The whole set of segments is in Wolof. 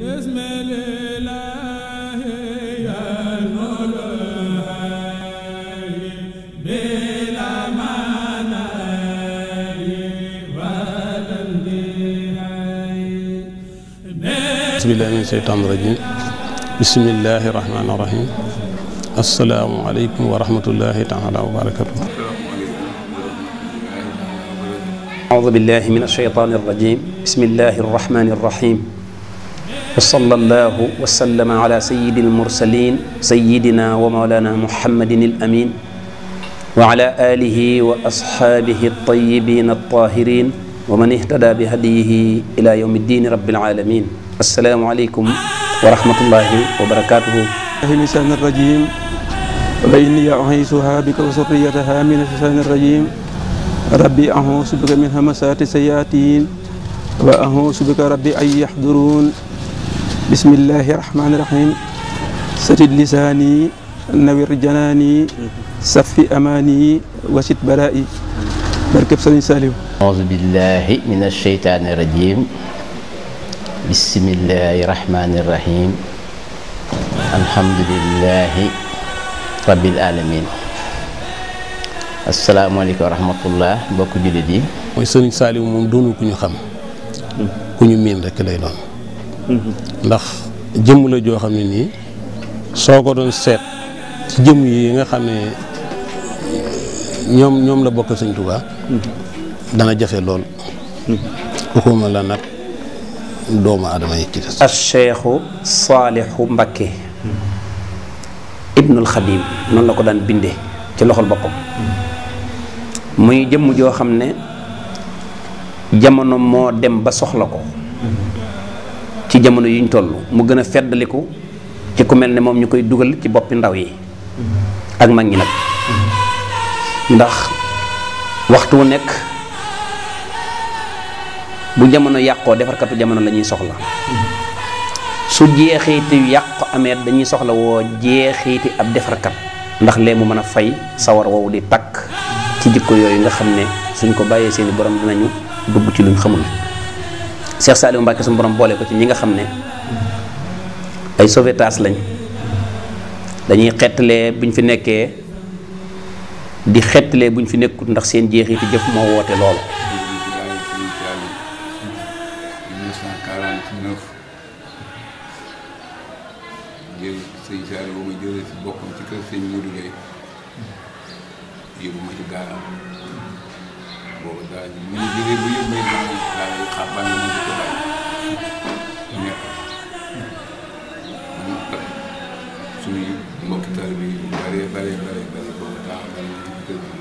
بسم الله من الشيطان الرجيم بسم الله الرحمن الرحيم السلام عليكم ورحمة الله تعالى وبركاته أعوذ بالله من الشيطان الرجيم بسم الله الرحمن الرحيم وصلى الله وسلم على سيد المرسلين سيدنا ومولانا محمد الأمين وعلى آله وأصحابه الطيبين الطاهرين ومن اهتدى بهديه إلى يوم الدين رب العالمين السلام عليكم ورحمة الله وبركاته من الشيطان الرجيم وإني أعيسها بك وسريتها من الشيطان الرجيم ربي أعوذ بك من همسات سياتين وأعوذ بك ربي أن يحضرون بسم الله الرحمن الرحيم سجد لساني نوير جناني صفي أماني وسد برائي بركب سنين سالم أعوذ بالله من الشيطان الرجيم بسم الله الرحمن الرحيم الحمد لله رب العالمين السلام عليكم ورحمه الله jullit yi mooy sëriñ Saliou moom دونو ku ñu xam مين رك لاي دون ndax jëmm la joo xam ne nii soo ko doon seet ci jëmm yi nga xam ne ñoom ñoom la bokk sëñ Tuubaa dana jafe lool xuxuma la nag doomu aadama yi ci des Cheikhu Saalihu Mbakke Ibnul Xadim noonu la ko daan binde ci loxol boppam muy jëmm joo xam ne jamono moo dem ba soxla ko ci jamono yiñ tollu mu gëna fédaliku ci ku melni mom ñukoy duggal dugal ci bop ndaw yi ak mag ñi nak ndax waxtu wu nek bu jamono yàqoo katu jamono lañuy soxla su jeexiti yàqu amé dañuy soxla wo jeexiti ab kat ndax lé mu mëna fay sawar wo di tak ci jikko yoy nga xamné suñ ko bayé seen borom dinañu dugg ci luñ xamul Cheikh Saliou Mbacke suñu borom boole ko ci ñi nga xam ne ay sauvetage lañ dañuy xettalee buñ fi nekkee di xettalee buñ fi nekkut ndax seen jeexiti jëf moo woote loolu. ci kër sëñ Modou Gueye yóbbu ma boobu daal bu ñu jógee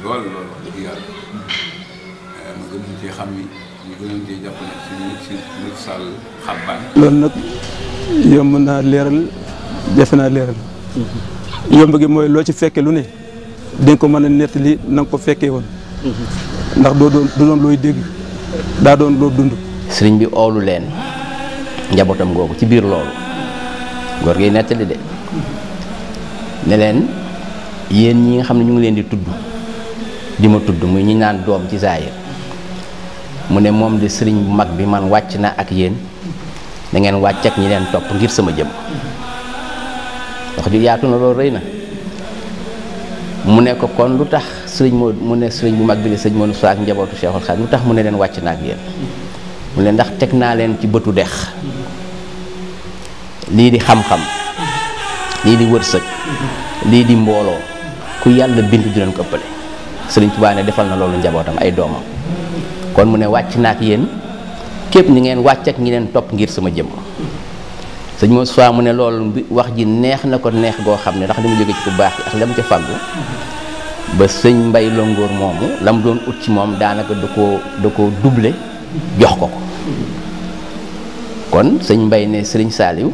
loolu nag yomb naa leeral jafe naa leeral yomb gi mooy loo ci fekke lu ne dañ ko mën a nettali na ko fekkee woon ndax do do do loy deg da daa doon loo dund serign bi olu len njabotam googu ci bir lolou gor gi netali de ne len yen ñi nga xam ñu ngi len di tuddu di ma tudd muy ñi naan doom ci zaayir mu ne moom de serign bu mag bi man wacc na ak yen da ngeen wacc ak ñi len top ngir sama jëm wax ju yaatu na lo reyna mu ne ko kon lutax sëriñ mo mu ne sëriñ bu mag bi ne mo nusa ak njabootu Cheikhul Khadim tax mu ne len wacc nak yeen mu ne ndax tek na len ci beutu dex li di xam-xam li di wërseuk li di mbolo ku yalla bindu di len ko ëppale sëriñ Tuubaa ne defal na lolu njabootam ay doom kon mu ne wacc nak yeen kep ni ngeen wacc ak ngi len top ngir sama jëmm sëñ sa mu ne lolu wax ji neex na ko neex go xamne ndax dama jëge ci bu baax ak lam ci fagu ba sëñ mbay longoor moomu la mu doon ut ci moom daanaka da koo da koo duble jox ko ko kon sëñ mbay ne sëriñ saaliw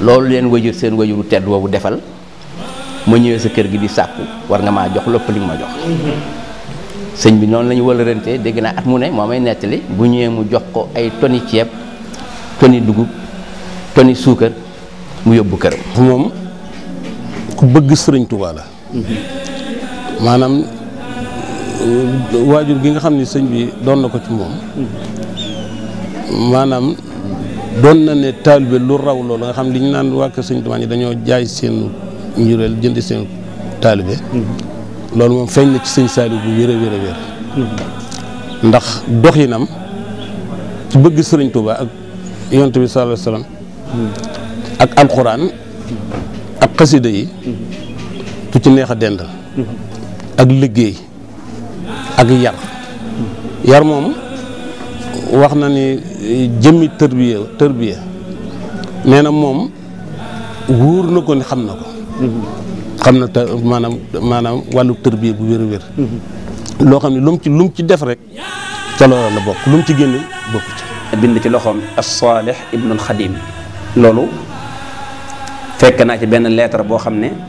loolu leen wajur seen wajuru tedd woowu defal ma ñëwee sa kër gi di sàkku war nga maa jox lépp ma jox sëñ bi noonu lañu ñu wëlërantee dégg naa at mu ne moo may nettali bu ñëwee mu jox ko ay toni ceeb toni dugub toni suukar mu yóbbu këram moom ku bëgg sëriñ Tuubaa la maanaam waajur gi nga xam ni sëñ bi doon na ko ci moom maanaam doon na ne taalibe lu raw loolu nga xam ne li ñu naan waa kër sëñ Tuubaa ñi dañoo jaay seen njureel jënd seen taalibe loolu moom feeñ na ci sëñ Saliou bu wér a wér a wér ndax ci bëgg sëriñ Tuubaa ak yonent bi sallallahu alayhi wa ak alxuraan ak xasida yi ku ci neexa dendal ak liggey ak yar yar mom wax na ni jëmi tërbiya tërbiya neena mom moom wóor na ko ni xam na ko xam na manam maanaam maanaam tërbiya bu wér wér lo xamni lum ci lum ci def rek ca loolu la bok lum ci génn bok ci bind ci loxom as-Salih ibn al-khadim lolu fekk na ci ben lettre bo xamne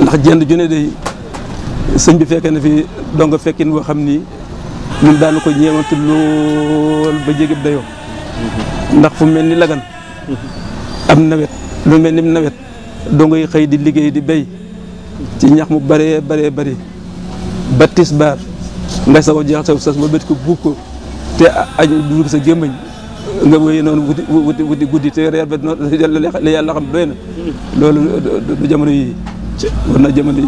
ndax jenn ju day sëñ bi fekkee na fi dong fekkin boo xam ni ñun daana ko ñeewantu lool ba jégib dayoo ndax fu mel ni lagan am nawet lu mel ni nawet dong yi xëy di liggéey di bay ci ñax mu bëree bëree bëri ba tisbaar ngay sago jeexal sa sas ba bët ko buub ko te añ duur sa gémmañ nga wéy noonu wuti wuti wuti guddi te reer ba noonu li yàlla xam doy na loolu du jamono yi war na jamono yi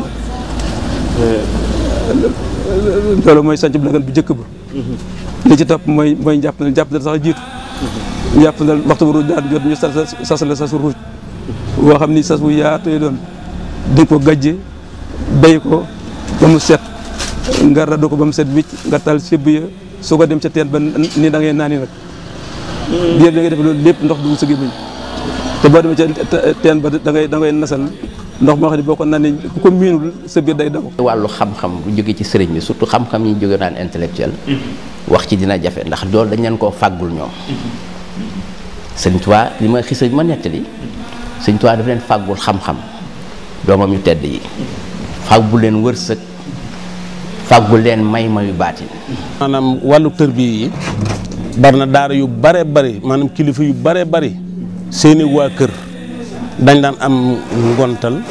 loolu mooy sanc bi nagan bu njëkk ba li ci topp mooy mooy njàpp na jàpp na sax jiitu jàpp na waxtu bu ruuj daan jot ñu sas la woo xam ni sas bu yaatee doon di ko gajj bay ko ba mu set nga radu ko ba mu set wicc nga tal sëb ya su ko dem ca teen ba ni da ngay naani nag diir da def loolu lépp ndox dugg sa gémmiñ te boo demee ca teen ba da ngay da ngay nasal ndox moo xam ne boo ko nanee ku ko miinul sa biir day daw wàllu xam-xam bu jóge ci sëriñ bi surtout xam-xam yi jóge naan intellectuel mm-hmm. wax ci dina jafe ndax loolu dañ leen koo fàggul ñoom mm-hmm. sëñ li ma xisa ma nettali mm-hmm. sëñ Tuubaa dafa leen fàggul xam-xam doomam yu tedd yi fàggul leen wërsëg fàggul leen may mayu baatin maanaam wàllu tër bi yi bari na daara yu bare bari maanaam kilifa yu bare bari seeni waa kër dañ daan am ngontal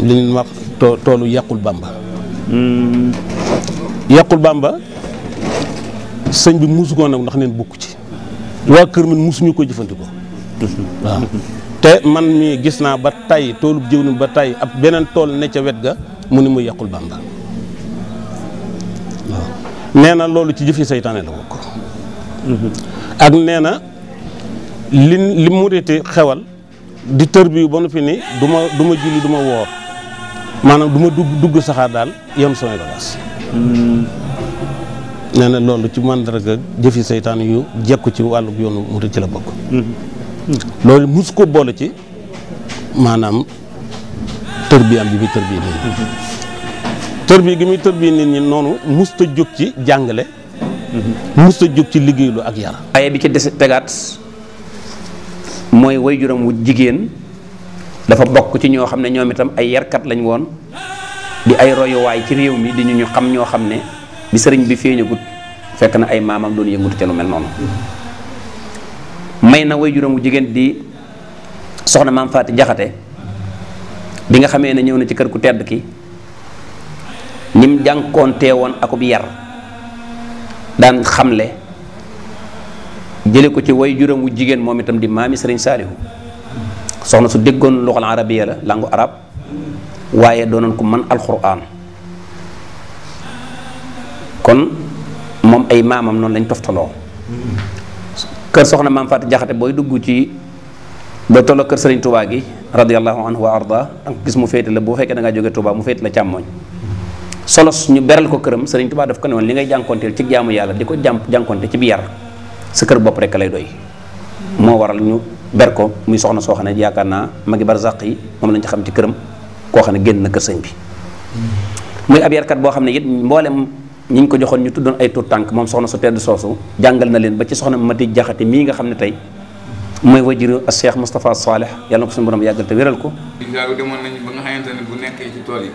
li ñu wax toolu yàqul bàmba hmm. yàqul bàmba sëñ bi musu ko nag ndax neen bukk ci waa kër man musuñu ko jëfandikoo te man mii gis naa ba toolu toolub jiw ba tay ab beneen tool ne ca wet ga mu ni muy yàqul bàmba waaw nee na loolu ci jëfi seytaane la bokk ak nee na li li muriti xewal di tër bi ba nu fi ni du ma du ma julli duma woor maanaam duma dugg dugg saxaar daal yem samay bagaas nee na loolu ci màndarga jëfi seytaan yu jekku ci wàllu yoonu murit ci la bokk loolu mus ko boole ci maanaam tërbiyaam bi muy tërbiya nit ñi tërbiya gi muy tërbiya nit ñi noonu musta jóg ci jàngale musa juk ci liggéeylu ak yar aye bi ci des tegat moy way juram wu jigen dafa bok ci ño xamne ñom itam ay kat lañ won di ay way ci rew mi di ñu ñu xam ñoo di ne bi sëriñ bi feeñagut fekk na ay mamam doon yëngutu ca lu mel non may way wu jigen di soxna mam faati jaxate bi nga xamé na ñëw na ci kër ku tedd ki nim jankonté won akub yar daan xamle jële ko ci way juróom jigéen moom itam di maami sëriñ saalihu soxna su déggoon luxal arabiya la langu arab waaye doo doonoon ko man alquran kon moom ay maamam noonu lañ toftaloo kër soxna maam Fatou Jaxate booy dugg ci ba tolloo kër sëriñ Touba gi radiallahu anhu wa arda danga ko gis mu féete la boo fekkee da ngaa jóge Touba mu féete la càmmoñ solos ñu beral ko këram sëriñ Tuubaa daf ko ne woon li ngay jànkonteel ci jaamu yàlla di ko jàm jànkonte ci bi yar sa kër bopp rekk lay doy moo waral ñu ber ko muy soxna soo xam ne yaakaar naa mag magi barzaq yi moom lañ ci xam ci këram koo xam ne génn na kër sëñ bi muy ab boo xam ne it mboolem ñu ko joxoon ñu tuddoon ay tur tànk moom soxna su tedd soosu jàngal na leen ba ci soxna Mati Jaxate mii nga xam ne tey mooy wajiru a Cheikh Moustapha Saleh yàlla na ko suñu borom yàggal te wéral ko. bu nekkee ci tool yi.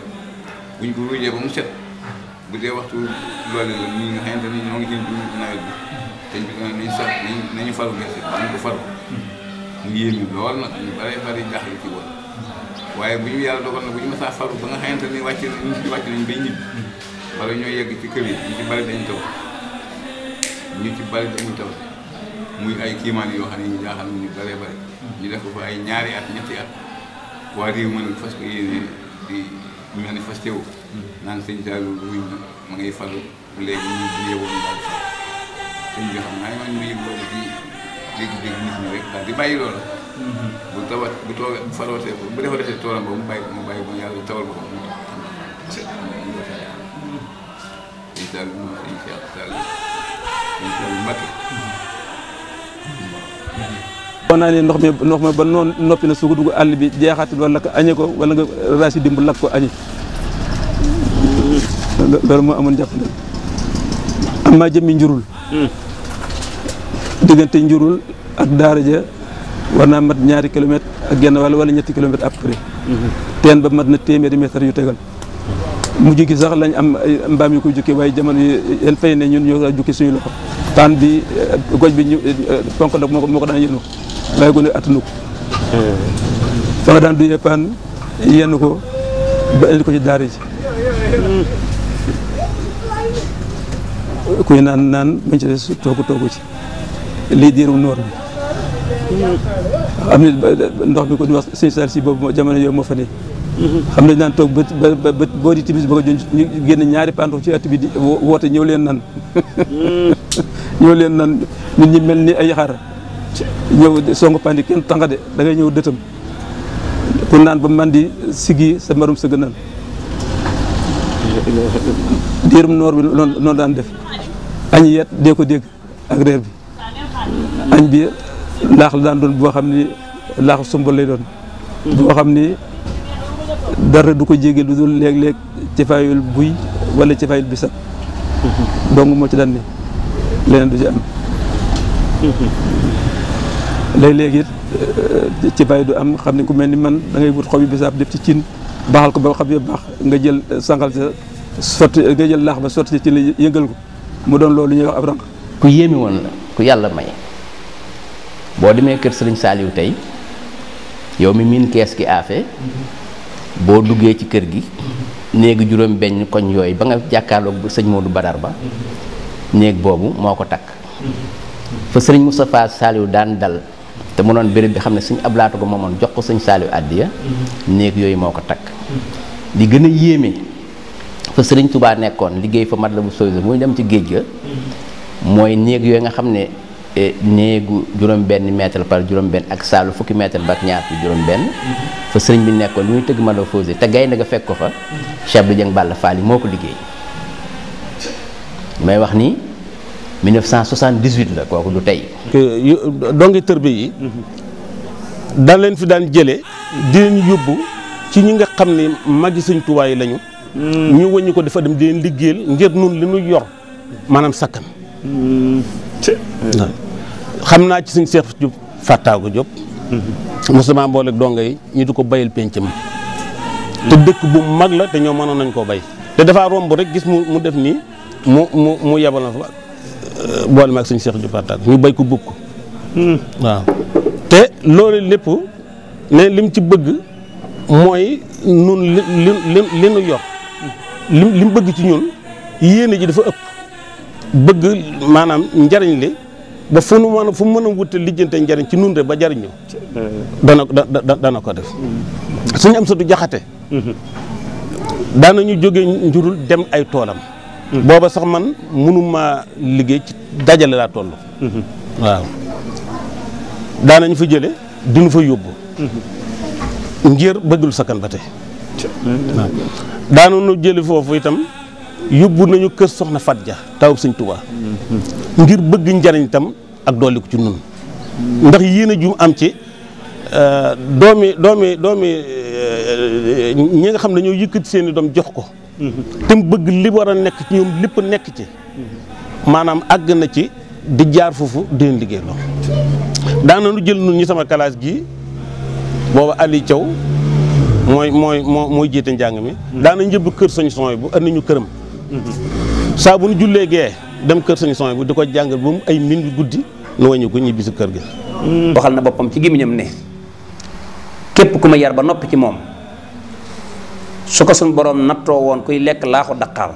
buñ ko ruujee ba mu set bu dee waxtu loole la ñi nga xamante ne ñoo ngi ci dugub nawet bi te ñu nañ sax nañu faru gerte nañ ko faru ci woon waaye bu ñu yàlla dogal na bu ñu ba nga xamante ne wàcc nañ ñu ci wàcc nañ bay ñibbi wala ñoo yegg ci kër yi ñu ci bari dañ taw ñu ci bari dañu taw muy ay kiimaan yoo xam ne ñu jaaxal ñu bare bari ñu def ko fa ay ñaari at ñetti at waa réew mën fas ko yéene manifesté wu. naan sëñ Saalum wuñ na ma ngay falu léegi ñu bu yeewoon ñu daal falu sëñ bi xam naa ne man mii loolu di dégg-dégg nit ñi rek daal di bàyyi loolu. bu tawat bu toogee bu falootee bu defalatee toolam ba mu bàyyi ko mu bàyyi ko yàlla tawal ko mu taw. sëñ Saalum moom sëñ Cheikh Saalum won naa ndox mi ndox mi ba noon noppi na su ko dugg àll bi jeexaatul wala nga añee ko wala nga raasi dimb lakk ko añee loolu amoon jàpp ne jëmmi njurul hmm. diggante njurul ak daara ja war naa mat ñaari kilomètre ak genn wàll wala ñetti kilomètre après peu hmm. près teen ba mat na téeméeri mètre yu tegal mujj gi sax lañ am mbaam yu koy jukki waaye jamono yi yéen fay ne ñun ñoo jukki suñu loxo taan bi eh, goj bi ñu eh, eh, ponk nag moo ko daan yënu waaye gone attanu ko fa daan duyee paan yenn ko ba indi ko ci daara ji kuy naan naan bañ ci des toogu toogu ci lii diiru noor bi am nit ndox mi ko di wax sëñ Saar si jamono yooyu moo fa xam nañ naan toog ba ba boo di timis ba ko jun ñu génn ñaari pantox ci at bi di woote ñëw leen nan ñëw leen nan ñun ñu mel ni ay xar ñëw songu pandi kenn tanga de da ñëw dëtam ku naan ba man di sigi sa marum sa gënal diirum noor bi noonu daan def añ yet dee ko dégg bi añ bi laax la daan doon boo xam ni laaxu sumbal lay doon boo xam ni dara du ko jéggi lu dul léeg-léeg ci buy wala ci fayul bisab dong moo ci daan ne leneen du ci am léeg léegi it eh, ci bay du am xam ne ku mel ni man da ngay wut xob yi bisaab def ci cin baaxal ko ba xob yi baax nga jël eh, sangal sa sotti nga jël laax ba sotti ci la yëgal ko mu doon loolu ñuy wax ab rànq ku yéeme woon la ku yàlla may boo demee kër sëriñ Saaliw tey yow mi miin kees gi aafe boo duggee ci kër gi néegi juróom benn koñ yooyu ba nga jàkkaarloog sëñ Modou Badar ba néeg boobu moo ko takk fa sëriñ Moustapha Saaliw daan dal te mu doon béréb bi xam ne suñ ablaatu ko moomoon jox ko suñ saaliw àddiya néeg yooyu moo ko takk li gën a yéeme fa sëriñ tubaa nekkoon liggéey fa mat la bu soysa muy dem ci géej ga mooy néeg yooyu nga xam ne e, néegu juróom benn mètre par juróom benn ak saalu fukki mètre ba ak ñaar bi juróom benn fa sëriñ bi nekkoon li muy tëgg ma la fausé te gaynde ga fekk ko fa Cheikh Abdou Dieng Balla Fall yi moo ko liggéey may wax ni 1978 la kooku du tey. dongi tërbi yi. daan leen fi daan jëlee. di yóbbu ci ñi nga xam ne magi sëñ Tuubaa yi lañu. Hmm. ñu wëññi ko dafa dem di leen liggéeyal ngir nun li ñu yor maanaam sakkan. Hmm. xam naa ci suñ Seex Jóob Fàttaagu Jóob. Hmm. mosuma mbooleeg donga yi ñu di ko bayal pencam. te dëkk bu mag la te ñoo mënoon nañ koo bay. te dafa romb rek gis mu def nii mu mu mu yebal na fa. boole ma suñ suñu Cheikh Diop Attack ñu béy ko bukk hmm. waaw te loolu lépp ne lim ci bëgg mooy nun li li li nu yor lim bëgg ci ñun yéene ji dafa ëpp bëgg maanaam njariñ li ba fu nu mën a fu mën a wute lijjante njariñ ci nun rek ba jariñu dana dana ko def hmm. suñu am satu jaxate hmm. daanañu jógee njurul dem ay toolam booba sax man mënuma liggéey ci dajale laa toll. waaw daanañ fa jële duñu fa yóbbu. ngir bëggul sakkan ba tey. waaw daanoonu jële foofu itam yóbbu nañu kër soxna Fat Dia tawub sëñ Tuubaa ngir bëgg njariñ itam ak dolli ko ci nun ndax yéen a ju am ci euh, doomi doomi doomi euh, ñi nga xam ne dañoo yëkkati seen doom jox ko. te mu bëgg li war a nekk ci ñoom lépp nekk ci maanaam àgg na ci di jaar foofu di leen liggéey loo daana jël nun ñi sama classe gi booba Ali Thiaw mooy mooy moo mooy jéete njàng mi daana njëbb kër sañ sony bu andi ñu këram saa bu nu jullee gee dem kër sañ sony bu di ko jàngal ba mu ay min bi guddi nu wañu ko ñibbi si kër gi waxal na boppam ci gémmiñam ne képp ku ma yar ba noppi ci moom su ko suñ borom nattoo woon kuy lekk laaxu daqaar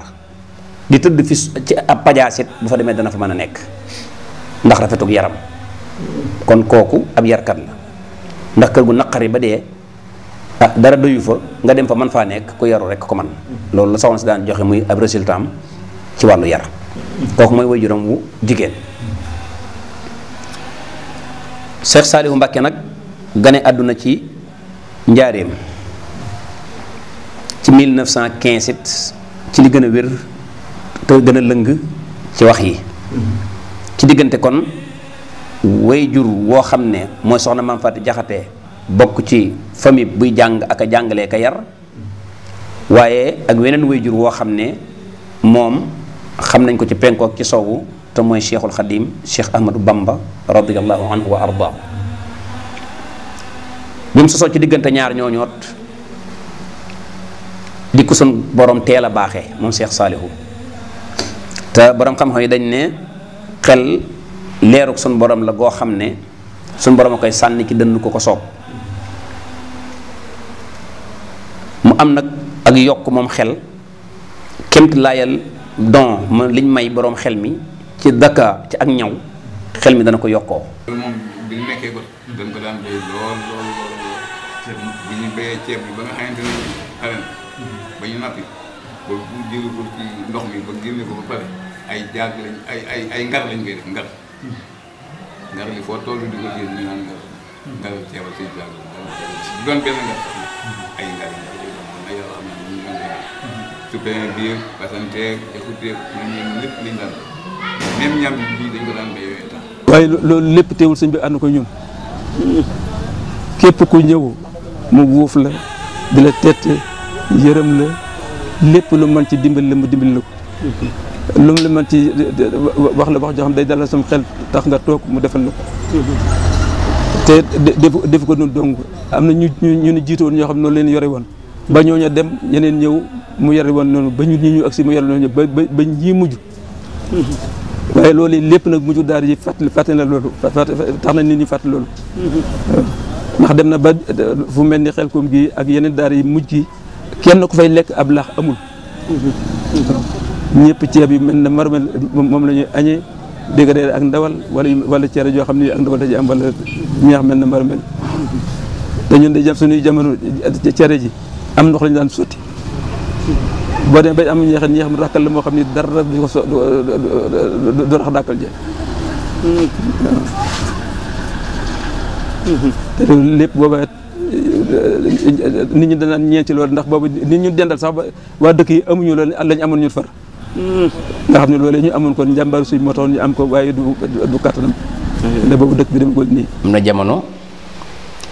di tëdd fi ci ab pajaasit bu fa demee dana fa mën a nekk ndax rafetug yaram kon kooku ab yarkat la ndax kër gu naqari ba dee ah dara doyu fa nga dem fa mën faa nekk ku yaru rekk ko man loolu la soxna si daan joxe muy ab résultat am ci wàllu yar kooku mooy waajuram wu jigéen Cheikh Saalihu Mbàkke nag gane àdduna ci njaareem ci 1915 it ci li gëna wër te gëna tekon lëng ci wax yi ci digënté kon wayjur wo xamné xam soxna wahamne mom jaxaté bok ci fami bu jang ak jangalé ka yar wayé ak wenen wayjur wo xamné mom xamnañ ko ci penko ci sowu te moy cheikhul khadim cheikh ahmadou bamba radiyallahu anhu wa arda bim mu sosoo ci digënté ñaar ñoñot di ko sun borom teel a baaxee moom Cheikh Saalihu te borom xam-xam yi dañ ne xel leeruk suñ boroom la goo xam ne suñ borom a koy sànni ki dënd ko ko soob mu am nag ak yokk moom xel kemt laayal don ma liñ may boroom xel mi ci daka ci ak ñaw xel mi dana ko yokkoo. ba ñu nappi ba bu jëlee ko ci ndox ba ba pare ay jaag lañ ngar lañ koy def ngar. ngar li foo toll di ko ngar. la doon lépp lañ daan même ñam ko daan waaye loolu lépp teewul sëñ bi ànd ko ñun képp ku ñëw mu wuuf la di la yërëm la lépp lu mën ci dimbali la mu dimbali la ko lu mu la mën ci wax la wax jox xam day dalal sam xel tax nga toog mu defal la ko te def ko noonu dong am na ñu ñu ñu jiitoon ñoo xam noonu leen yore woon ba ñooñu dem ñeneen ñëw mu yore woon noonu ba ñu ñu ak si mu yore noonu ba ba ñii mujj waaye loolu lépp nag mujj daara yi fàttali fàttali na loolu tax na nit ñi fàttali loolu mm-hmm. ndax dem na ba fu mel ni xel koom gi ak yeneen daar yi mujj gi kenn ku fay lekk ab laax amul ñëpp ceeb yi mel na marmel moom la ñuy añee dégg reer ak ndawal wala wala cere joo xam ne ak ndawal dañuy am wala ñeex mel na marmel te ñun day jam suñuy jamono cere ji am ndox lañu daan sotti boo demee ba am ñeex ñeex mu rakkal la moo xam ne dara du ko so du rax dàkkal je te lépp booba nit ñi dana ñee loolu ndax boobu nit ñu dendal sax ba waa dëkk yi amuñu loolu lañ amoon ñu far hmm. nga xam ne loolu ñu amoon ko njàmbaar suñ moo taxoon am ko waaye du du kattanam da hmm. boobu dëkk bi demagul nii am na jamono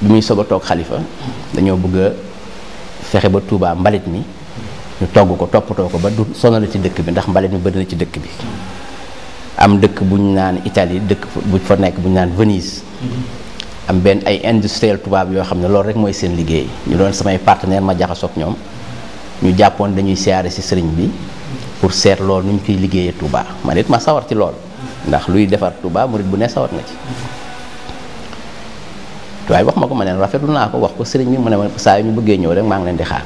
bi muy soog a toog xalifa dañoo bëgg a fexe ba tuubaa mbalit mi ñu togg ko toppatoo ko ba du la ci dëkk bi ndax mbalit mi bëri ci dëkk bi am dëkk bu ñu naan Italie dëkk bu fa nekk buñ naan Venise hmm. am benn ay industriel tubaab yoo xam ne loolu rek mooy seen liggéey ñu doon samay partenaire ma jaxasoog ñoom ñu jàppoon dañuy siyaare si sëriñ bi pour seet lool nu ñu koy liggéeyee Touba man nit ma sawar ci lool ndax luy defar Touba murit bu ne sawar na ci tubaab bi wax ma ko ma neen rafetlu naa ko wax ko sëriñ bi mu ne ma saa yu ñu bëggee ñëw rek maa ngi leen di xaar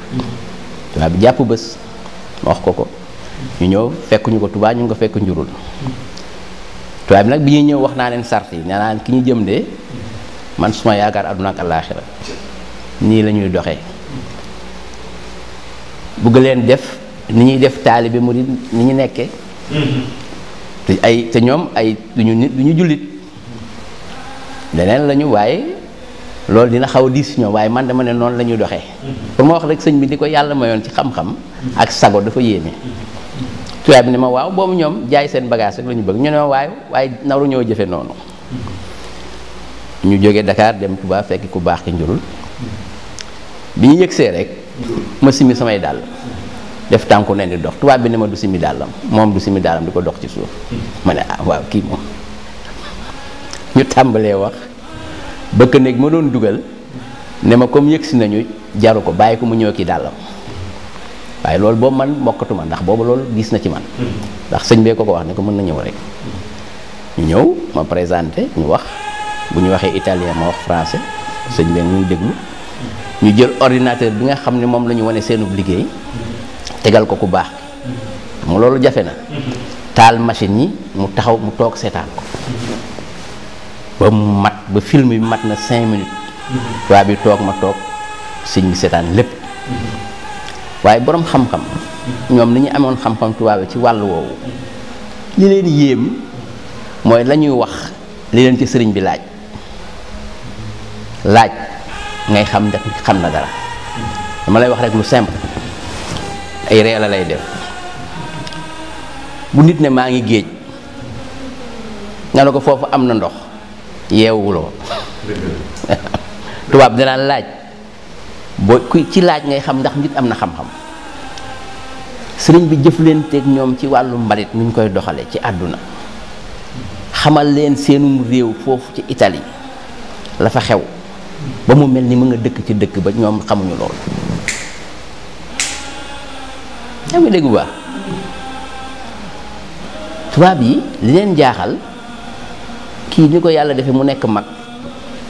tubaab jàpp bés ma wax ko ko ñu ñëw fekk ko tubaa ñu ngi ko fekk njurul tubaab nag bi ñuy ñëw wax naa leen sart yi nee naa ki ñu jëm de man suma yaakaar àdduna ak àllaaxira nii lañuy doxe doxee bëgg leen def ni ñuy def taalibe murid ni ñu nekkee te ay te ñoom ay duñu nit duñu jullit leneen lañu waaye loolu dina xaw a diis ñoom waaye man dama ne noonu lañuy doxe pour ma wax rek sëñ bi di ko yàlla mayoon ci xam-xam ak sago dafa yéeme tubaab bi ne ma waaw boobu ñoom jaay seen bagage rek la bëgg ñu ne ma waaye waaye naru ñoo jëfe noonu ñu joggé Dakar dem Touba fekk ku baax ci njurul bi ñu yëgsee rek ma simi samay dal def tanku ne dox touba bi ne ma du simi dalam mom du simi dalam di dox ci suuf mané ah waaw ki moom ñu tambalé wax bëkk nek ma doon dugal ne ma comme yexsi nañu jaru ko ko mu ñëw ki dalam waaye lool bo man mokkatuma ndax boobu lool gis na ci man ndax señ bee ko ko wax ne ko mën ñëw rek ñëw ma présenter ñu wax bu ñu waxee italien ma wax français sëñ bi ñuy déglu ñu jël ordinateur bi nga xam ne moom la ñu wane seenub liggéey tegal ko ku baax mu loolu jafe na taal machine yi mu taxaw mu toog seetaan ko ba mat ba film bi mat na cinq minutes waa bi toog ma toog sëñ bi seetaan lépp waaye boroom xam-xam ñoom ni ñu amoon xam-xam tubaab ci wàll woowu li leen yéem mooy la ñuy wax li leen ci sëriñ bi laaj laaj ngay xam ndax xam na dara dama lay wax rek lu simple ay ree la lay def bu nit ne maa ngi géej nga ne ko foofu am na ndox yeewuloo tubaab dinaan laaj boo ku ci laaj ngay xam ndax nit am na xam-xam sëriñ bi jëflanteeg ñoom ci wàllu mbalit nuñ koy doxale ci àdduna xamal leen seenum réew foofu ci itali la fa xew ba mu mel ni mu nga dëkk ci dëkk ba ñoom xamuñu loolu yaa ngi dégg bu baax tubaab yi li leen jaaxal kii ni ko yàlla defee mu nekk mag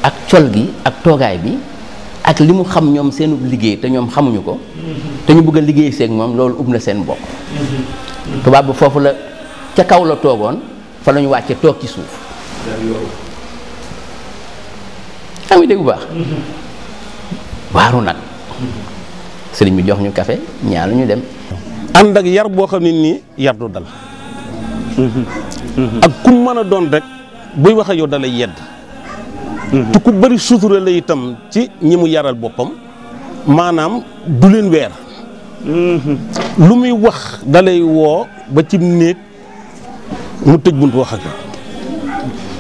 ak col gi ak toogaay bi ak li mu xam ñoom seenu liggéey te ñoom xamuñu ko te ñu bëgg liggéey seeg moom loolu ub na seen bopp tubaab bi foofu la ca kaw la toogoon fa lañu wàcce toog ci suuf yaa ngi dégg bu baax waaru nag sëriñ bi jox ñu kafe ñaanu ñu dem ànd ak yar boo xam ne nii yar du dal ak ku mën a doon rek buy wax yow dalay yedd te ku bëri sutura la itam ci ñi mu yaral boppam maanaam du leen weer lu muy wax dalay woo ba cib néeg mu tëj bunt wax ak yow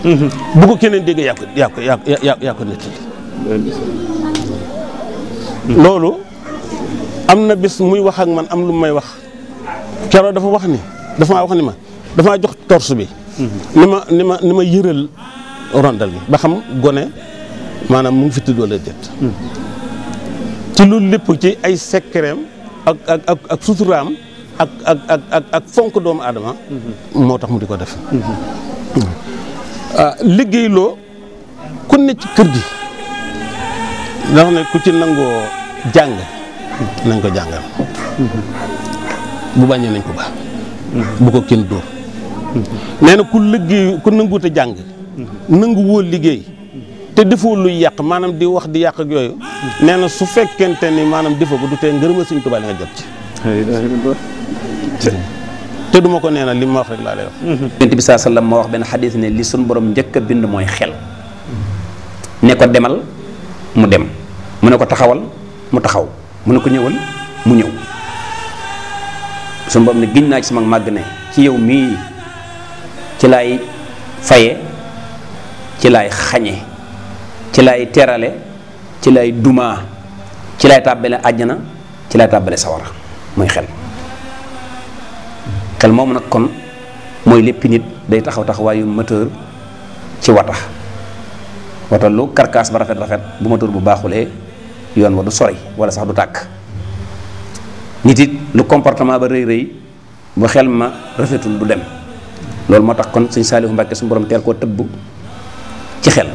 bu ko keneen dégg yaa ko yaa ko yaa ko loolu am na bis muy wax ak man am lu may wax keroog dafa wax ni dafa maa wax ni ma dafa maa jox torse bi ni ma ni ma ni ma yëral rondal bi ba xam gone maanaam mu ngi fi tudd wala déet ci loolu lépp ci ay secret ak ak ak ak suturaam ak ak ak fonk doomu aadama moo tax mu di ko def Euh, liggéeyloo ku ne ci kër gi dafa ne ku ci nangoo jàng nañ ko jàngal bu bañee nañ ko baax bu ko kenn dóor nee na ku liggéey ku nanguute jàng nangu woo liggéey te defoo luy yàq maanaam di wax di yàq ak yooyu nee na su fekkente ni maanaam defoo ko du tee ngërëma Sëñ Tuubaa la nga jot ci te duma ko neena lim wax rek la lay wax. nabi bi sallam mo wax ben hadith ne li sun borom jekk bind moy xel ne ko demal mu dem mu ne ko taxawal mu taxaw mu ne ko ñewal mu ñew sun borom ne giñ na ci mag mag ne ci yow mi ci lay faye ci lay xagné ci lay terale ci lay duma ci lay tabalé aljana ci lay tabalé sawara moy xel xel moomu nag kon mooy lépp nit day taxaw taxawaayu moteur ci wata wata lu karkaas ba rafet rafet bu moteur bu baaxulee yoon wa du sori wala sax du tàkk nit it lu comportement ba rëy rëy bu xel ma rafetul du dem loolu moo tax kon sëñ Saalihu Mbàkke suñu borom teel koo tëbb ci xel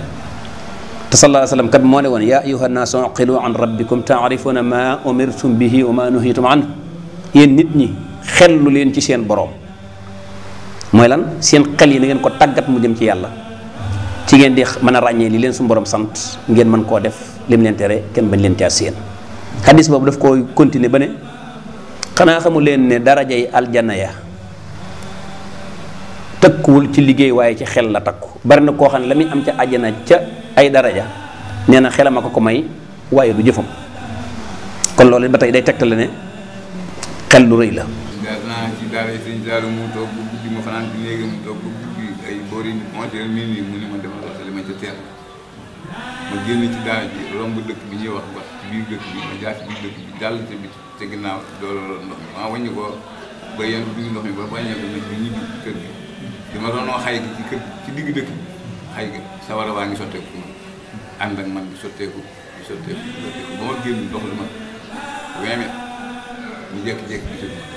te sallallahu alayhi wa sallam kat moo ne woon yaa ayyuha naasu aqilu an rabbikum taarifuna ma umirtum bihi wa ma nuhitum anhu nit ñi xellu leen ci seen borom mooy lan seen xel yi na ngeen ko tàggat mu jëm ci yàlla ci ngeen di mën a li leen borom sant ngeen mën koo def lim leen tere kenn bañ leen caa seen hadis boobu daf ko continuer ba ne xanaa xamu leen ne darajay aljanna ya takkuwul ci liggéey waaye ci xel la takku bari na koo xam ne la muy am ca àjjana ca ay daraja nee na xelama ko ko may waaye du jëfam kon loolu ba day tegtale ne lu rëy la ci daara yi sëñ Saalum mu toog bu guddi ma fanaan ci néegam mu toog bu guddi ay boori ni commencé ma demal wax li ma ca teel ma dëkk bi ñuy wax ba ma jaar ci biir dëkk bi ca ginnaaw dooloo ndox ko ba yenn biir ndox mi ba wàññee ko nit bi ñibbi ci digg dëkk bi waa ngi sotteeku man ànd ak ma génn dox lu ma vingt mètres mu jékki-jékki bi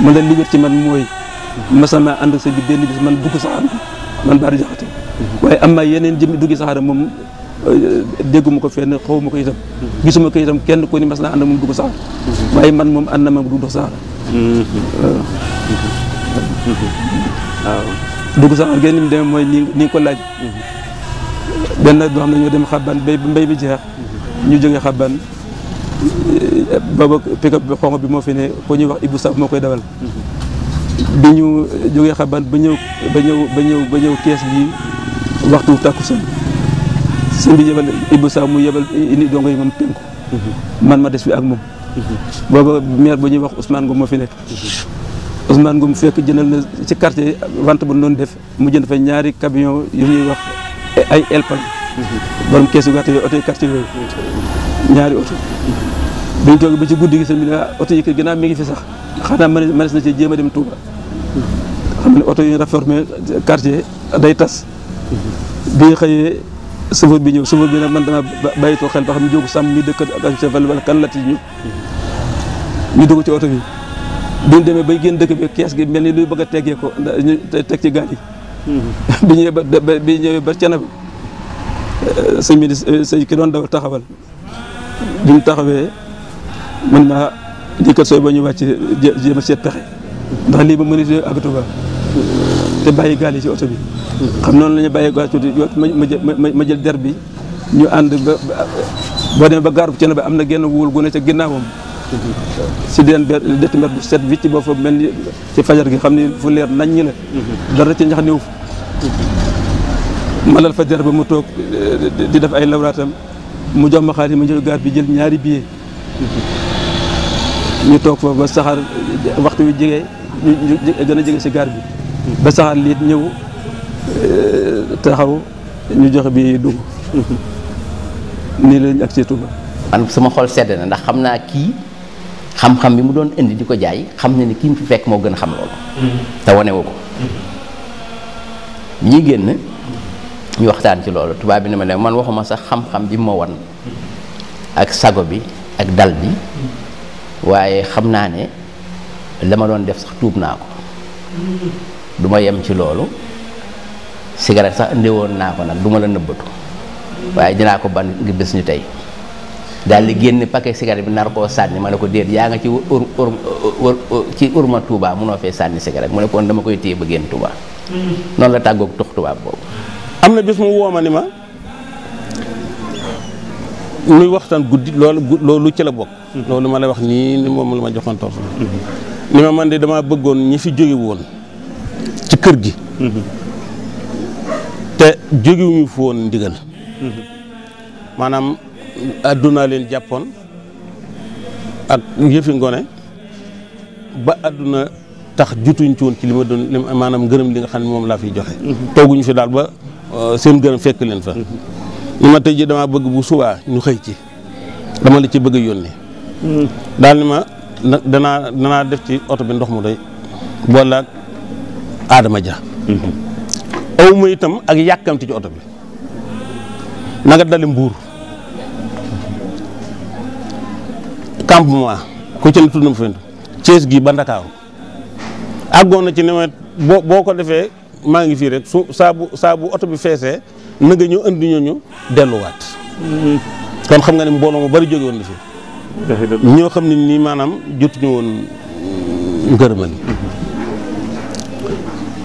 man la li ci man mooy masama ànd ak sëñ bi man dugg saxaar man Bara Jaxate waaye am na yeneen jëmi duggi saxaar moom euh, dégguma ko fenn xawuma ko itam gisuma ko itam kenn ku ni mas naa ànd moom dugg saxaar waaye man moom ànd na ma dugg dox saxaar mm-hmm. waaw dugg saxaar gën mu demee mooy ni ni ko laaj mm-hmm. benn boo xam ne ñoo dem xaban bay mbay bi jeex mm-hmm. ñu jógee xaban booba pick-up bi xonq bi moo fi ne ko ñuy wax Ibou Sab moo koy dawal bi ñu jógee xaban ba ñëw ba ñëw ba ñëw ba ñëw kees bi waxtu tàkkusaan sëñ bi yebal Ibou Sab mu yebal indi dongo yi moom penku man ma des bi ak moom booba maire bu ñuy wax Ousmane Ngom moo fi nekk Ousmane mu fekk jëndal na ci quartier want bu doon def mu jënd fa ñaari camion yu ñuy wax ay elpan mhm. borom keesu gàtt yooyu oto yi quartier yooyu ñaari oto biñ toog ba ci guddi gi sëñ bi ne oto yi kër ginnaaw mi ngi fi sax xanaa mënees na ci jéem a dem Touba xam ne oto yi ñu réformé quartier day tas bi xëyee chauffeur bi ñëw chauffeur bi nag man dama bàyyitoo xel ba xam ne jógu sàmm mi dëkk ak sa val wala la ñu ñu dugg ci oto bi bi demee bay génn dëkk bi kees gi mel ni luy bëgg a teggee ko ñu teg ci gaal yi hmm. bi ñëwee ba bi ñëwee ba canab eh, sëñ bi eh, sëñ ki doon dawal taxawal bi taxawee mën naa lii kat sooy boo ñu wàccee jéem a seet pexe ndax lii ma mën a ak Touba te bàyyi gaal yi ci oto bi xam noonu lañu ñu bàyyi gaal tuuti ma ma jël der bi ñu ànd ba boo ba gaaru cene ba am na genn wóol gu ne ca ginnaawam si deen be detti mer bu set wicc boo fa mel ni ci fajar gi xam ni fu leer nañ ñi la dara ci ñax néew malal fa der ba mu toog di def ay lawraatam mu jox ma xaalis ma jël gaar bi jël ñaari billet ñu toog foofu ba saxaar waxtu wi jege ñu gën a jege si gaar bi ba saxaar liit ñëw euh, taxaw ñu jox bi dugg nii lañ ak see Touba man sama xol sedd na ndax xam naa kii xam-xam bi mu doon indi di ko jaay xam na ni kii mu fekk moo gën a xam loolu mm-hmm. te wanewu ko mm-hmm. ñi génn ñu waxtaan ci loolu tubaab bi ne ma ne man waxuma sax xam-xam bi ma wan mm-hmm. ak sago bi ak dal bi waaye xam naa ne la ma doon def sax tuub naa ko du yem ci loolu cigarette sax indi woon naa ko nag duma la nëbbatu waaye dinaa ko ban ngir bés ñu tey daal di génn paquet cigarette bi nar koo sànni ma ne ko déet yaa nga ci ur ur ci urma Touba munoo fee sànni cigarette mu ne ko dama koy téye ba génn Touba. Mm-hmm. noonu la tàggoog tux tubaab boobu. am na bés mu woo ni ma. luy waxtaan guddi loolu loolu ci la bokk. Hmm. loolu ma lay wax nii ni moom la ma joxoon tontu. ni ma man de damaa bëggoon ñi fi jóge woon ci kër gi. Hmm. te jógewuñu fi woon ndigal. Hmm. maanaam àdduna leen jàppoon ak yëfi ngone ba àdduna tax jutuñ ci woon ci li ma doon maanaam ngërëm li nga xam ne moom laa fiy joxe. tooguñu fi daal ba euh, seen ngërëm fekk leen fa. ni ma tey ji damaa bëgg bu subaa ñu xëy ci dama la ci bëgg yoon yónni daal ni ma danaa danaa def ci oto bi ndox mu doy boole ak Adama Dia mhm. aw ma itam ak yàkkamti ci oto bi nanga dali mbuur campement ku ci ne tudd na fa Thiès gi ba ndakaaw àggoon na ci ne boo ko defee maa ngi fii rek su saa saabu oto bi feesee na nga ñëw andi ñooñu delluwaat. kon xam nga ne mbooloo mu bari jóge woon na fi. ñoo xam ne nii maanaam jotuñu woon ngërëmal.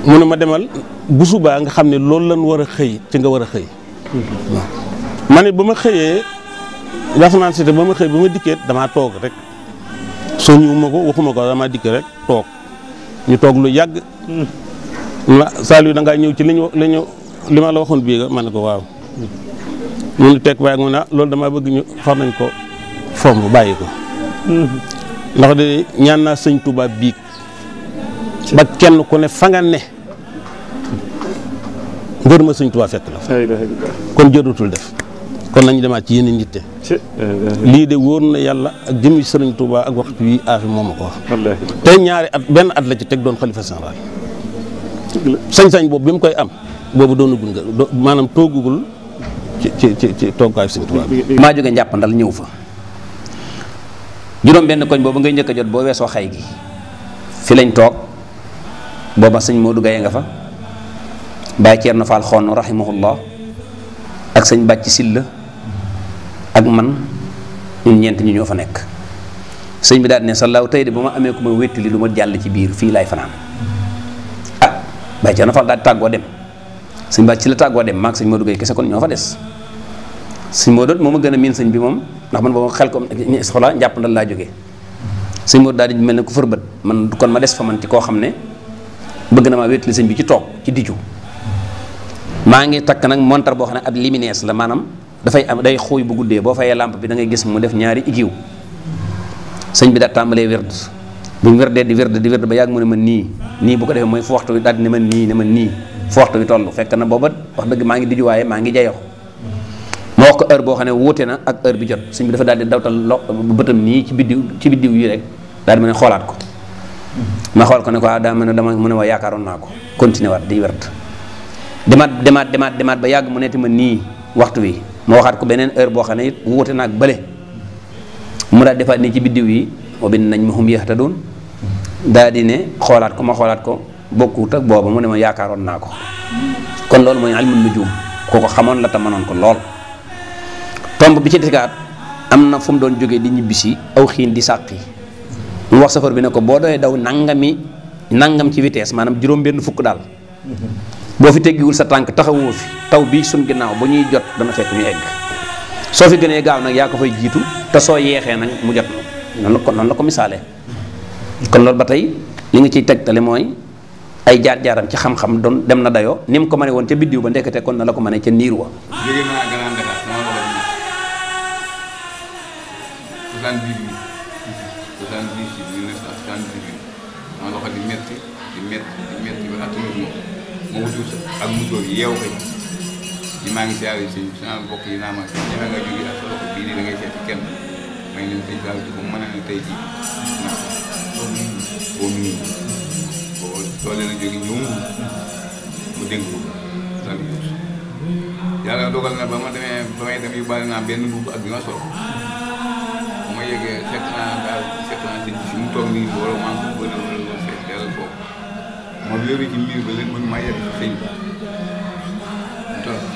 mu ne ma demal bu subaa nga xam ne loolu lañ war a xëy ci nga war a xëy. ma ne ba ma xëyee Yacine Cité ba ma xëy ba ma dikkee damaa toog rek soo ñëwuma ko waxuma ko damaa dikk rek toog ñu toog lu yàgg. ma hmm. Saliou da ngaa ñëw ci li ñu li ma la waxoon bii nga ma ko waaw mu ne teg waaye mu ne loolu damaa bëgg ñu far nañ ko fomb bàyyi ko ndax de ñaan naa sëñ Touba biig ba kenn ku ne fa nga ngër ma sëñ Touba fekk la kon jërutul def kon nañu demaat ci yeneen yitte eh, eh, eh. lii de wóor na yàlla ak jëmmi sëriñ Touba ak waxtu wi aafi moom ma ko wax te ñaari at benn at la ci teg doon xalifa général sañ-sañ boobu bi mu koy am boobu doonagul nga maanaam toogugul ci ci ci ci toogaayu Sëñ maa jóge njàppandal ñëw fa juróom benn koñ boobu ngay njëkk a jot boo weesoo xay gi fi lañ toog booba sëñ Modou Gaye nga fa Baye Thierno Fall xonn rahimahullah ak sëñ Bàcc Silla ak man ñun ñeent ñi ñoo fa nekk sëñ bi daal ne sallaaw tey de ba ma amee ku ma wéttali lu ma jàll ci biir fii laay fanaan ah Baye Thierno Fall daal tàggoo dem sëñ Ba ci la tàggoo dem maag sëñ Modou Gueye kese kon ñoo fa des sëñ Modou moo ma gën a miin sëñ bi moom ndax man booba xel comme xola njàpp ndal laa jógee sëñ Modou daal di mel ne ku fërbët man kon ma des fa koo xam ne bëgg na maa wéetali sëñ bi ci toog ci diju maa ngi takk nag montar boo xam ne ab lumineuse la maanaam dafay am day xuuy bu guddee boo fayee lampe bi da ngay gis mu def ñaari igiw sëñ bi daa tàmbalee wird bu mu wirdee di wird di wird ba yàgg mu ne ma nii nii bu ko defee mooy fu waxtu daal di ne ma nii ne ma nii fu waxtu wi toll fekk na boobat wax dëgg maa ngi diju waaye maa ngi jayox ma wax ko heure boo xam ne wuute na ak heure bi jot sëñ bi dafa daal di dawtal lo bëtam nii ci biddiw ci biddiw yi rek daal di ma xoolaat ko ma xool ko ne ko ah, daa mel ne dama mu ne ma yaakaaroon naa ko continué waat di wert demaat demaat demaat ba yàgg mu netti ma nii waxtu wi ma waxaat ko beneen heure boo xam ne it wuute naag bële mu daal defaat nii ci biddiw yi wa bin nañ ma hum yahtadun daal di ne xoolaat ko ma xoolaat ko bokkut ak booba mu ne ma yaakaaroon naa ko kon loolu mooy almun nujum kooku xamoon la te mënoon ko lool tomb bi ci dikaat am na fu mu doon jógee di ñibbisi aw xiin di sàqi mu wax safar bi ne ko boo doy daw nangami nangam ci vitesse maanaam juróom-benn fukk daal boo fi teggiwul sa tànk taxawoo fi taw bii suñ ginnaaw ba ñuy jot dana fekk ñu egg soo fi gënee gaaw nag yaa ko fay jiitu te soo yeexee nag mu jot noonu la ko noonu kon loolu ba tey li nga ciy tegtale mooy ay jaar-jaaram ci xam-xam doon dem na dayo ni mu ko mënee woon ca biddiw ba ndekete kon na la ko mënee ca niir wa. jóge naa Grand di métti di métti ba atumut moom ma wutu ak ci nga jóge ak sa loxo bii nii da ngay ko mën a ne tey doole na jóge ñëw mu dénk ko sant yus yàlla dogal na ba ma demee ba may dem yóbbaale naa benn mbubb ak bi ma sol ba ma yeggee fekk naa daal fekk naa sëñ si mu toog nii wala maa ngi ko bëri wala ma seet delal ko ma wéeru ci miir ba leen ma yegg ci sëñ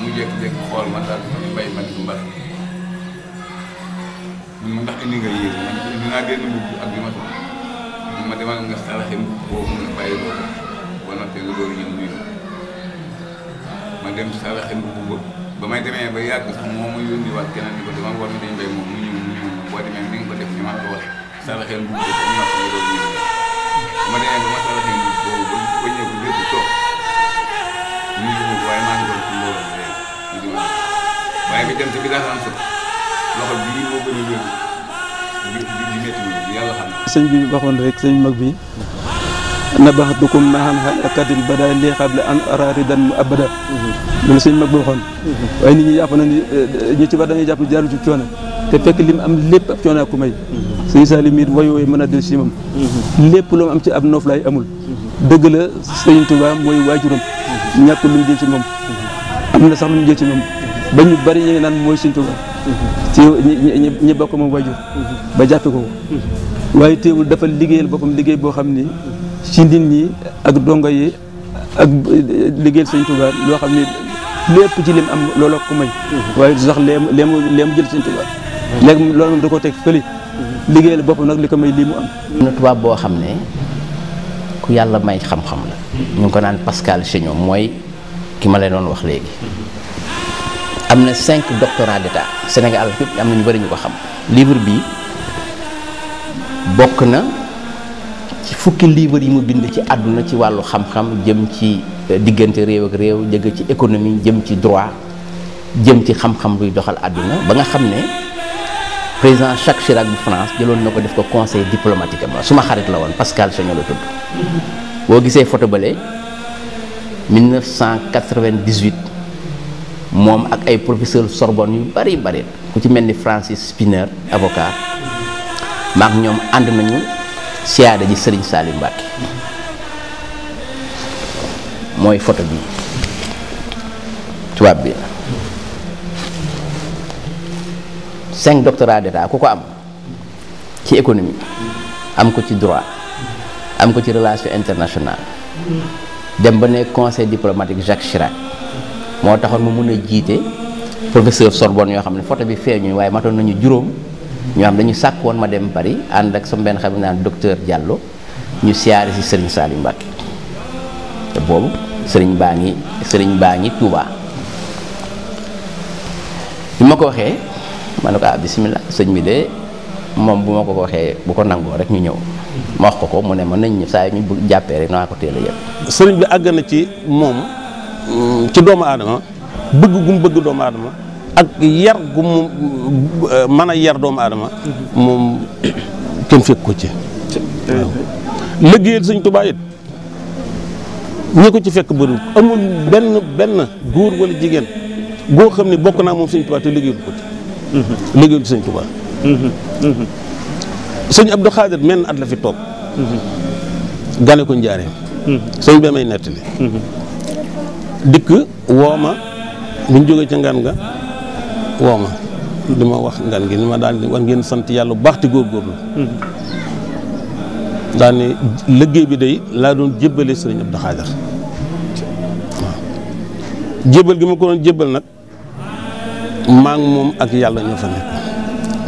mu jékki-jékki xool ma daal ma bay ma di mbal mun ma ndax indi nga yéer man dinaa benn mbubb ak bi sol ma demal nga saraxe mbubb ba ma dem saraxe mbubb ba ba may demee ba yàgg sax moom ma yónni waat keneen ni ko dama war mi dañ bay demee ni nga ko def ma ko wax saraxe mbubb boobu ma ko door ñëw ma demee ba ma ba ko ñëw lépp toog ko waaye maa dem ci bi daa xam sa loxo moo gën a wér sëñ bi waxoon rek sëñ mag bi nabaxtukum maxan xalakatil bada li xable an araridan mu abada loolu sëñ mag bi waxoon waaye nit ñi jàpp na ni eh, ñu ci ba dañuy jàpp jaaru ci coono te fekk li mu am lépp ab coono ku may sëñ Salim it wayu wayu mën a del si moom lépp lu am ci ab noof laay amul dëgg la sëñ Tuubaa mooy waajuram ñàkk lu mu jël ci moom am na sax lu jël ci moom ba ñu bari ñu ngi naan mooy sëñ Tuubaa ci ñi ñi bokk moom wajur ba jàppe ko waaye teewul dafa liggéeyal boppam liggéey boo xam ni ci nit ñi ak dongo yi ak liggéeyal sëñ Touba loo xam ni lépp ci lim am loolu ko waaye sax leem leem leem jël sëñ Touba léegi loolu moom ko teg fële liggéeyal boppam nag li ko may lii mu am na tubaab boo xam ne ku yàlla may xam-xam la ñu ngi ko naan Pascal Chaignon mooy ki ma leen doon wax léegi am na cinq doctorat d'état Sénégal am na ñu bëri ñu ko xam livre bi bokk na ci fukki livre yi mu bind ci àdduna ci wàllu xam-xam jëm ci euh, diggante réew ak réew jëgg ci économie jëm ci droit jëm ci xam-xam luy doxal àdduna ba nga xam ne président Jacques Chirac bu France jëloon na ko def ko conseil diplomatique am suma xarit la woon Pascal Chagnot la tudd boo gisee photo bële 1998 moom ak ay professeur Sorbonne yu bari bari ku ci mel ni Francis Spinner avocat maak ñoom ànd nañu siyaada ji Serigne Saliou Mbacké mooy photo bi tubaab bi cinq doctorat d'état ku ko am ci économie am ko ci droit am ko ci relation internationale dem ba nekk conseil diplomatique Jacques Chirac moo taxoon ma mun a jiite professeur Sorbonne yoo xam ne photo bi ñu waaye matoon nañu juróom ñoo xam dañu sàkk woon ma dem bari ànd ak sama benn xam naan docteur Diallo ñu siyaare si Serigne Saliou Mbacké te boobu sëriñ baa ngi sëriñ baa ngi Touba bi ma ko waxee ma ne ko ah bisimilah sëñ bi de moom bu ma ko ko waxee bu ko nangoo rek ñu ñëw ma wax ko ko mu ne ma nañ ñëw saa yu ñu jàppee rek naa ko teel a yëpp. bi àgg na ci moom. ci doomu aadama bëgg gu mu bëgg doomu aadama ak yar gu euh, mu a yar doomu aadama moom kenn fekk ko ci waaw liggéeyal sëñ Tuubaa it ñi ko ci fekk bëriwul amul benn benn góor wala jigéen goo xam ne bokk naa moom sëñ Tuubaa te liggéeyul ko ci liggéeyul sëñ Tuubaa sëñ Abdou Khadir menn at la fi toog mhm. gane ko njaareem mhm. sëñ bee may nettali mhm. dik woma buñ joge ci ngam nga woma ma wax ngam gi ni dal wan ngeen sant yàlla baax te góorgóorlu daal ne liggey bi day la doon jébbale serigne Abdou Khadir jebel gi ma ko doon jebel nak maa ngi moom ak yalla ñu fa nek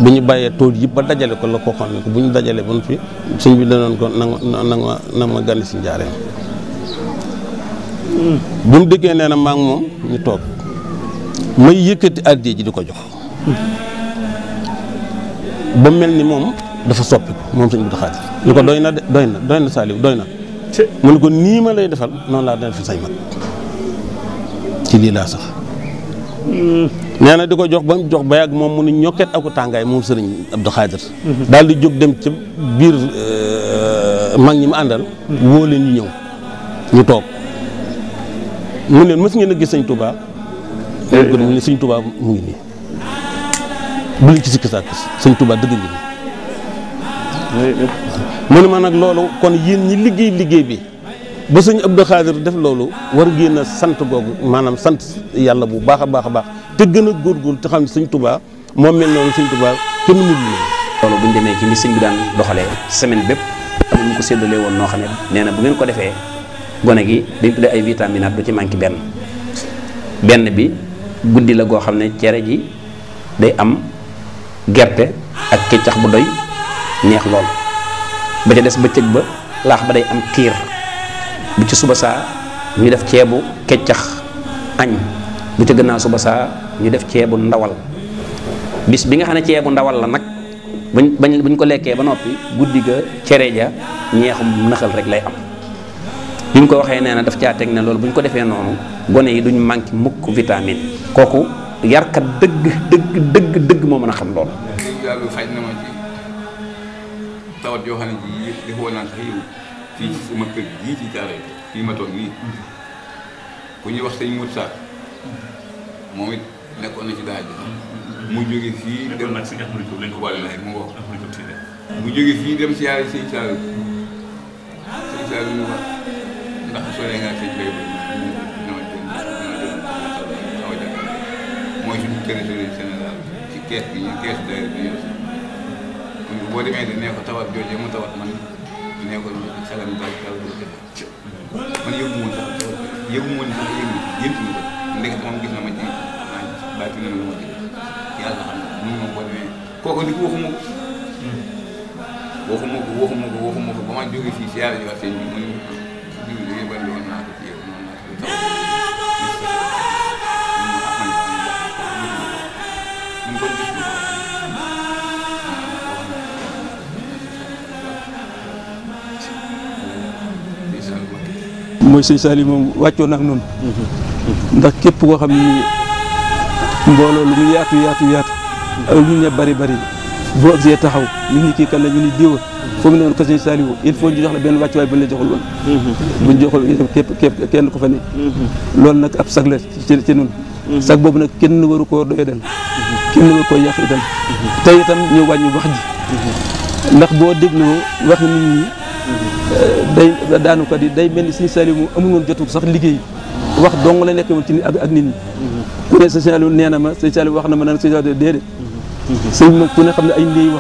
buñu baye tool yi ba dajale ko la ko xamne ne ko buñu ñu dajalee fi serigne bi da danoon ko nang nang na ma gànni ci njaareem bu mu déggee nee na maa moom ñu toog may yëkkati addiya ji di ko jox ba mel ni moom dafa soppi moom sëñ bi daxaati ñu ko doy na de doy na doy na saaliw doy na mu ne ko nii ma lay defal noonu laa dana fi say mag ci lii laa sax nee di ko jox ba mu jox ba yàgg moom mu ne ñokket aku tàngaay moom sëriñ Abdou Khadir mhm. daal di jóg dem ca biir euh, mag ñi mu àndal mhm. woo leen ñu ñëw ñu toog mu leen mës ngeen a gis sëñ tubaa leen eh. ko mu ne sëñ Touba mu ngi nii bu leen ci sikk sàkk sëñ Touba dëgg ngi nii mu ne ma nag loolu kon yéen ñi liggéey liggéey bi ba sëñ Abdou Khadir def loolu war ngeen a sant googu maanaam sant yàlla bu baax a baax a baax te gën a góor te xam ne sëñ Touba moom mel noonu sëñ tubaa kenn mënul loolu bu demee ci ni sëñ bi daan doxalee semaine bépp am na ñu ko séddalee woon noo xam ne nee na bu ngeen ko defee goné gi li tudé ay vitamine du ci manki ben ben bi guddi la go xamné ciéré ji day am gerte ak keccax bu doy neex lool ba ca dess beccëk ba laax ba day am tir bu ci suba sa ñu def ciébu keccax añ bu ci suba sa ñu def ciébu ndawal bis bi nga xamné ciébu ndawal la nak buñ buñ ko lekkee ba nopi guddi ga ja ñeexum naxal rek lay am bi mu ko waxee nee na daf caa teg ne loolu bu ñu ko defee noonu gone yi duñ manqué mukk vitamine kooku yarkat dëgg dëgg dëgg moo mën a xam loolu. faj tawat yoo xam ne ji fii ci sama kër ci jaaree fii ma toog nii ku ñuy wax sëñ Moussa moom it nekkoon na ci daaj mu jóge fii dem nag si Ahmadou Diop lañ ko si yaay sëñ a Sèye Mbaye mooy suñu trésorier général ci kees gi ñun kees daayira bi ñëw sax boo ko tawat jooju mu tawat man nee ko xelam dal dal du ko man yóbbu woon sax yóbbu woon sax yóbbu ko demee kooku nit waxuma ko hmm. waxuma ko waxuma ko waxuma ba ma jógee fii si yàlla ji wax seen bi mooy sëñ Saliou moom wàccoon ak noonu ndax képp koo xam ni mbooloo lu muy yaatu yaatu yaatu ak lu ñu bari bari boo ak taxaw ñu ni kii kan la ñu ni diwa foo mu ne woon ko sëñ il faut ñu jox la benn wàccuwaay bu ñu la joxul woon mhm. buñ képp képp kenn ko fa mhm. loolu nag ab sag la ci ci nun mhm. boobu nag kenn waru koo doyadal kenn waru koo yàq itam tey itam ñu wàññi wax ji ndax boo dégloo wax nit ñi day daanu ko di day mel ni suñu Saliou mu amul woon jotul sax liggéey wax dong la nekk woon ci nit ak ak nit ñi ku ne sëñ Saliou nee na ma sëñ wax na ma naan sëñ Saliou déedéet sëñ moom ku ne xam ne ay ndéey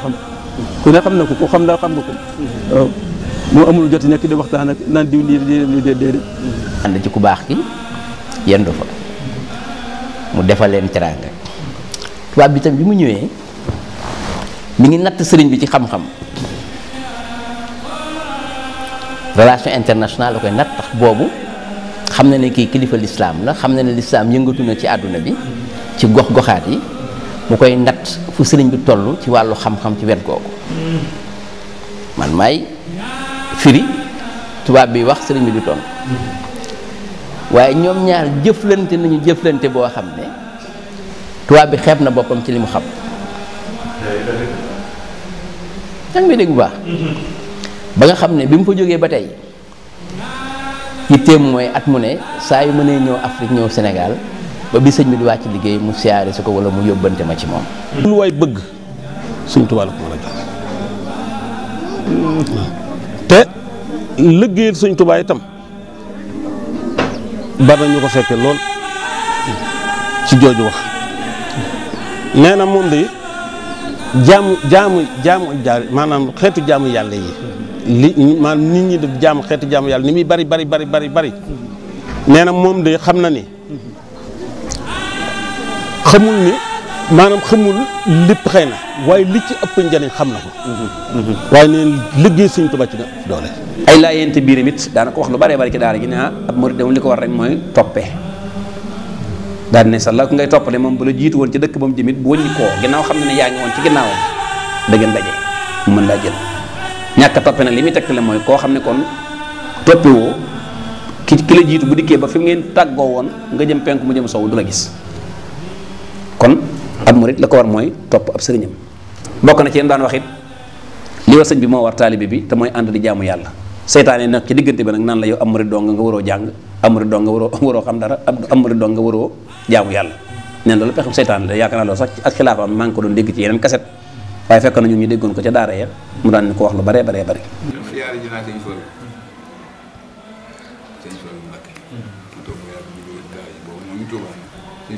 ku ne xam na ko ku xam la xam nga ko moo amul jot nekk di waxtaan ak naan diw lii lii ànd ci ku baax ki yendu fa mu defal leen teraanga tubaab bi tam bi mu ñëwee mi ngi natt sëriñ bi ci xam-xam relation internationale la koy nat tax boobu xam na ne kii kilifa lislaam la xam na ne lislaam yëngatu na ci àdduna bi ci gox goxaat yi mu koy nat fu sëriñ bi toll ci wàllu xam-xam ci wet googu man maay firi tubaab bi wax sëriñ bi du ton waaye ñoom ñaar jëflante nañu jëflante boo xam ne tubaab bi xeeb na boppam ci li mu xam dang bi dégg bu baax ba nga xam ne bi mu fa jógee ba tey itteem mooy at mu ne saa yu mënee ñëw Afrique ñëw senegal ba bi sëñ bi di wàcc liggéey mu siyaare si ko wala mu yóbbante ma ci moom. lu waay bëgg suñ tubaab la ko mën a jox te ko fekke lool ci jooju wax nee na moom de jaamu jaamu jaamu maanaam xeetu jaamu yàlla yi. li maanaam nit ñi def jaam xeetu jaamu yàlla ni muy bari bari bari bari bari nee na moom de xam na ni xamul ni maanaam xamul lépp xëy na waaye li ci ëpp njëriñ xam na ko. waaye neen liggéey Sëñ Tuubaa ci doole. ay laayente biir it daanaka wax lu bëree bëri ci daara gi ne ah ab murid li ko war rek mooy toppee daan ne sax la ko ngay toppale moom bu la jiitu woon ci dëkk ba mu jëmit bu wëññi koo ginnaaw xam na ne yaa ngi woon ci ginnaawam da ngeen daje mu mën laa jël. ñàkk toppe na li muy tegtale mooy koo xam ne kon toppe woo ki ki la jiitu bu dikkee ba fi ngeen tàggoo woon nga jëm penk mu jëm sow du gis kon ab murit la ko war mooy topp ab sëriñam bokk na ci yéen daan wax it li war sëñ bi moo war taalibe bi te mooy ànd di jaamu yàlla seytaane nag ci diggante bi nag naan la yow am murit dong nga waroo jàng am dong nga waroo waroo xam dara am dong nga waroo jaamu yàlla la pexum seytaane la yaakaar naa sax ak maa ko doon dégg ci yeneen kaset waaye fekk na ñun ñu déggoon ko ca daara ya mu daan ñu ko wax lu baree baree bari. sëñ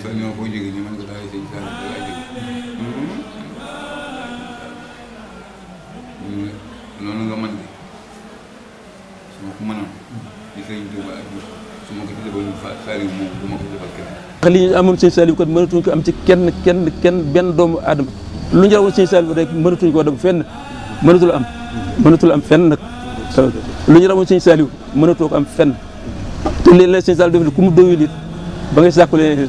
Fall ñoo foo jógee ñu mën ko daal sëñ Fall da laa jógee noonu nga mën bi su ma ko mënoon di sëñ Touba ak su ma ko ci defal Saliou moom du ma ko defal kenn. ndax li ñu amoon sëñ Saliou kon mënatuñ ko am ci kenn kenn kenn benn doomu aadama. lu ñu rawoon sëñ Saliou rek mënatuñ koo dem fenn mënatul am mënatul am fenn nag lu ñu rawoon sëñ Saliou mënatoo ko am fenn te léegi la sëñ Saliou def ni ku mu doyul it ba ngay sàkku leen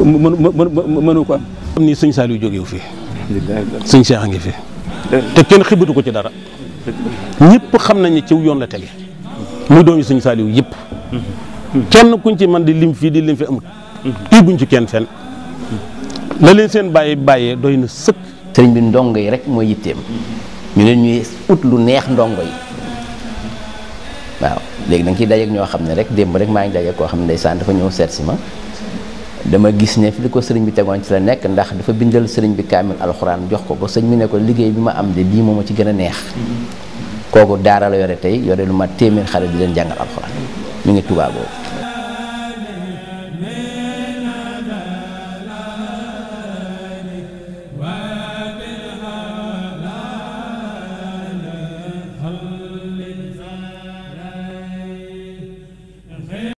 mënu ko am ni sëñ Saliou jógewu fi sëñ Cheikh a ngi fi te kenn xibatu ko ci dara ñëpp xam nañ ne ci yoon la tege muy doomi sëñ Saliou yëpp mm-hmm. kenn kuñ ci man di lim fii di lim fi amut mm-hmm. tiiguñ ci kenn fenn la leen seen bàyyi bàyyee doy na sëkk. sëriñ bi ndongo yi rek mooy yitteem ñu leen ñuy ut lu neex ndongo yi waaw léegi da nga ciy ñoo xam ne rek démb rek maa ngi dajeeg koo xam ne ndeysaan dafa ñëw seet si ma dama gis ne fi li ko sëriñ bi tegoon ci la nekk ndax dafa bindal sëriñ bi kaamil alxuraan jox ko ko sëñ bi ne ko liggéey bi ma am di bii moom ci gën a neex kooku daara la yore tey yore lu ma téeméer xale di leen jàngal alxuraan mi ngi tubaaboo.